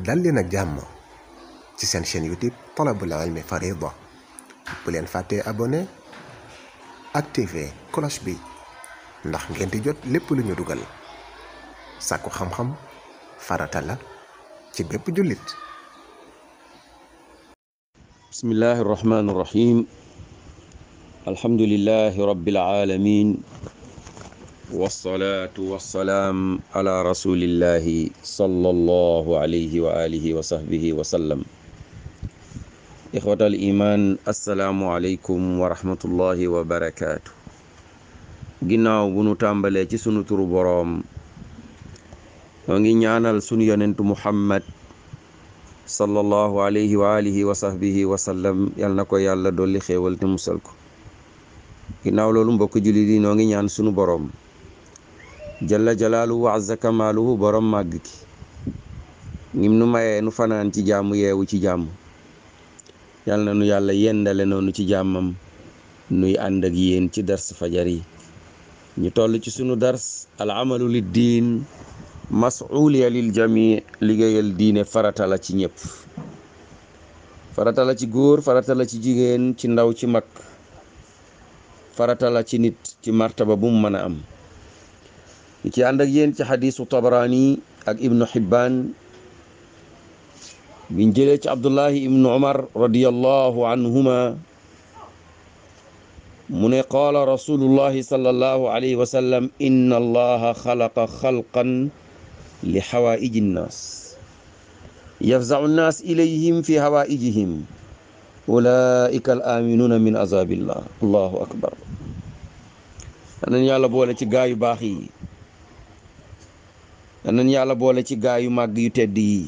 dal leen ak jàmm ci seen chaîne youtube talabul ilmi farida bu leen fàttee abonné activer cloche bi ndax ngeen di jot lépp lu ñu dugal sàkku xam-xam farata la ci bépp jullit bismillahi rahmaani rahim alhamdulillahi rabbil alamin wasalaatu wasalaam ala rasulillahi sallallahu alayhi wa alihi wa sahbihi wa sallam ixwata al iman assalaamu aleykum wa rahmatullahi wa barakaatu ginnaaw bu nu tàmbalee ci sunu turu boroom noo ngi ñaanal sunu yonentu muhammad sallallahu alayhi wa alihi wa sahbihi wa sallam yal na ko yàlla dolli xéewal te musal ko ginnaaw loolu mbokk jullit yi noo ngi ñaan sunu boroom jalla jalaaluhu wa azza borom màgg ki ngim nu mayee nu fanaan ci jàmm yeewu ci jàmm yal na nu yàlla yendale noonu ci jàmmam nuy ànd ak yéen ci dars fajar yi ñu toll ci sunu dars al amalu lid diin lil jami liggéeyal diine farata ci ñëpp farata ci góor faratala ci jigéen ci ndaw ci mag faratala ci nit ci martaba bu mu mën a am li ci ànd ak yéen ci xadiisu tabarani ak ibnu xibbaan biñ jëlee ci abdullahi ibnu umar radiyallahu anhuma mu ne qaala rasulullahi sallallahu alayhi wa sallam inna allaha xalaqa xalqan li xawaaiji nnaas yafzau nnaas ilayhim fi xawaaijihim ulaika al aminuna min azabillah allahu akbar nañ yàlla boole ci gaayu baax yi yàlla boole ci gaa yu màgg yu tedd yi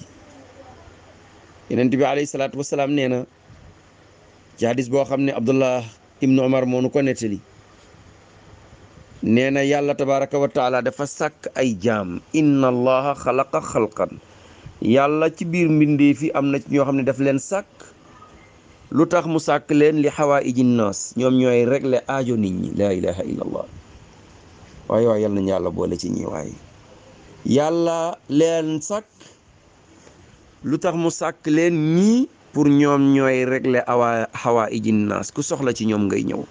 yenent bi alayhi salaatu wasalaam nee na ci hadis boo xam ne abdullah ibnu omar moo nu ko nettali nee na yàlla tabaraka wa taala dafa sàkk ay jaam inna allaha xalaqa xalqan yàlla ci biir mbindee fi am na ci ñoo xam ne daf leen sàkk lu tax mu sàkk leen li xawaaiji naas ñoom ñooy la aajo nit ñi laa ilaha illa waaye waaye yàlla nañ yàlla boole ci ñi waaye yàlla leen sàkk lu tax mu sàkk leen ñii pour ñoom ñooy régler awa xawaa ijin naas ku soxla ci ñoom ngay ñëw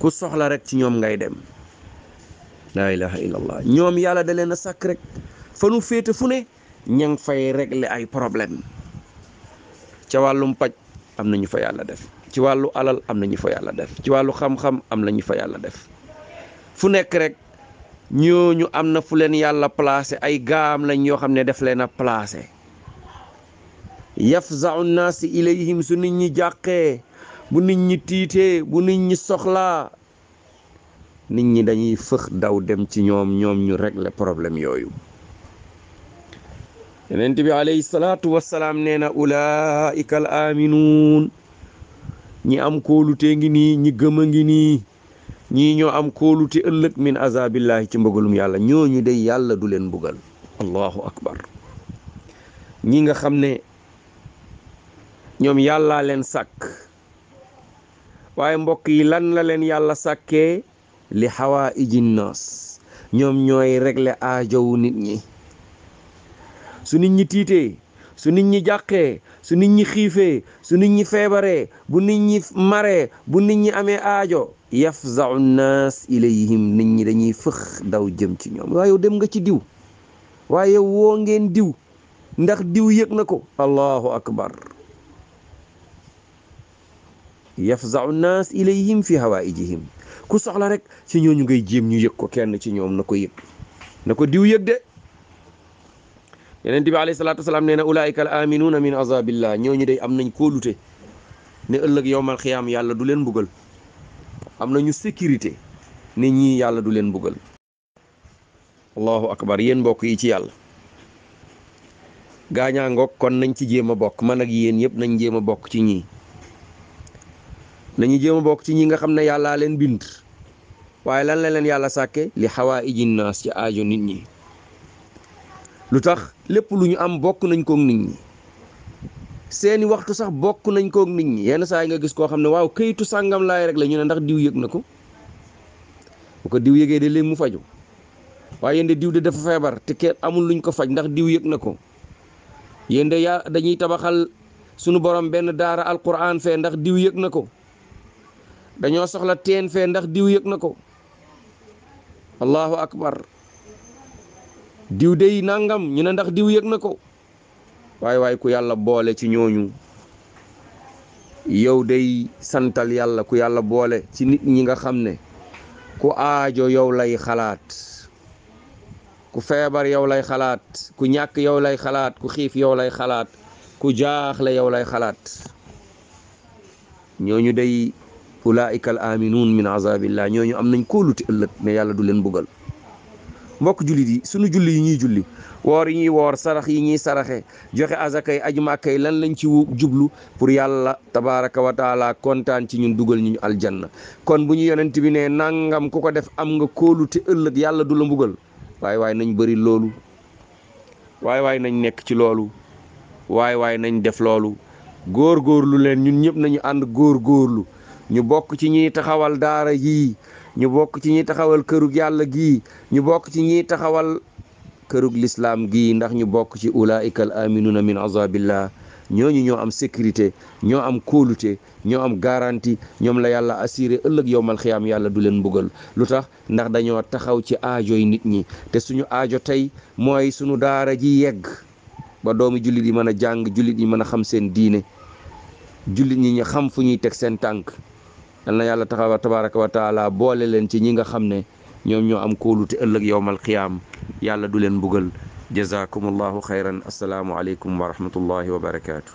ku soxla rek ci ñoom ngay dem laa ilaha illallah ñoom yàlla de leen a sàkk rek fa nu féete fu ne ña ngi fay regle ay problème ca wàllum paj am na ñu fa yàlla def ci wàllu alal am na ñu fa yàlla def ci wàllu xam-xam am na ñu fa yàlla def fu nekk rek ñooñu am na fu leen yàlla placé ay gaam lañ yoo xam ne def leen a placé yafzau naasi ilayhim su nit ñi jàqee bu nit ñi tiitee bu nit ñi soxla nit ñi dañuy fëx daw dem ci ñoom ñoom ñu régler problème yooyu yonent bi alayhi salaatu wassalaam nee na ulaika al aminuun ñi am kóolutee ngi nii ñi gëm a ngi nii ñii ñoo am kóolute ëllëg min azabillahi ci mbëggalum yàlla ñooñu day yàlla du leen mbugal allahu akbar ñi nga xam ne ñoom yàllaa leen sàkk waaye mbokk yi lan la leen yàlla sàkkee li xawaa iji naas ñoom ñooy régler aajowu nit ñi su nit ñi tiitee su nit ñi jàqee su nit ñi xiifee su nit ñi feebaree bu nit ñi maree bu nit ñi amee aajo yafzau nnaas ilayhim nit ñi dañuy fëx daw jëm ci ñoom waaye dem nga ci diw waaye woo ngeen diw ndax diw yëg na ko allahu akbar yafzau nnaas ilayhim fi hawaijihim ku soxla rek ci ñooñu ngay jéem ñu yëg ko kenn ci ñoom na ko yëg na ko diw yëg de yeneen bi alayhi salaatu wasalaam nee na ulaayika al aminuuna min azabillah ñooñu day am nañ koo lute ne ëllëg yowmal xiyaam yàlla du leen bugal am na ñu sécurité ne ñii yàlla du leen mbugal allahu akbar yéen mbokk yi ci yàlla gaañaa ngoog kon nañ ci jéem a bokk man ak yéen yëpp nañ jéem a bokk ci ñii nañu jéem a bokk ci ñi nga xam ne yàllaa leen bind waaye lan la leen yàlla sàkke li xawaa ijin ci aajo nit ñi lu tax lépp lu ñu am bokk nañ kook nit ñi seeni waxtu sax bokk nañ kook nit ñi yenn saa yi nga gis koo xam ne waaw kayitu sàngam laay rek la ñu ne ndax diw yég na ko bu ko diw yégee de léegi mu faju waaye yéen diw de dafa feebar te kenn amul luñ ko faj ndax diw yëg na ko yéen de yaa dañuy tabaxal sunu borom benn daara alquran fee ndax diw yég na ko dañoo soxla teen fee ndax diw yég na ko allahu akbar diw dey nangam ñu ne ndax diw yëg na ko waaye waay ku yàlla boole ci ñooñu yow day santal yàlla ku yàlla boole ci nit ñi nga xam ne ku aajo yow lay xalaat ku feebar yow lay xalaat ku ñàkk yow lay xalaat ku xiif yow lay xalaat ku jaaxle yow lay xalaat ñooñu day ulaika al aminuun min azabillah ñooñu am nañ kóolute ëllëg ne yàlla du leen buggal mbokk jullit yi sunu julli yi ñuy julli woor yi ñuy woor sarax yi ñuy saraxe joxe azaka yi aju lan lañ ci jublu pour yàlla tabaraka wa kontaan ci ñun dugal ñu aljanna kon bu ñu yonent bi ne nangam ku ko def am nga kóolu te ëllëg yàlla du la mbugal waaye waaye nañ bëri loolu waaye waaye nañ nekk ci loolu waaye waaye nañ def loolu góor góorlu leen ñun ñëpp nañu ànd góor góorlu ñu bokk ci ñiy taxawal daara yii ñu bokk ci ñi taxawal kërug yàlla gii ñu bokk ci ñiy taxawal kërug lislaam gii ndax ñu bokk ci ulaika al aminuna min azabillah ñooñu ñoo am sécurité ñoo am kóolute ñoo am garanti ñoom la yàlla assuré ëllëg yowmal xiyaam yàlla du leen mbugal lu tax ndax dañoo taxaw ci aajo yi nit ñi te suñu aajo tey mooy suñu daara ji yegg ba doomi jullit yi mën a jàng jullit yi mën a xam seen diine jullit ñi ñu xam fu ñuy teg seen tànk yal na yàlla taxawa tabaraka wa taala boole leen ci ñi nga xam ne ñoom ñoo am kóolute ëllëg yowmal qiyaam yàlla du leen mbugal jazaakumullahu xayran asalaamu aleykum wa rahmatullahi wa barakaatu.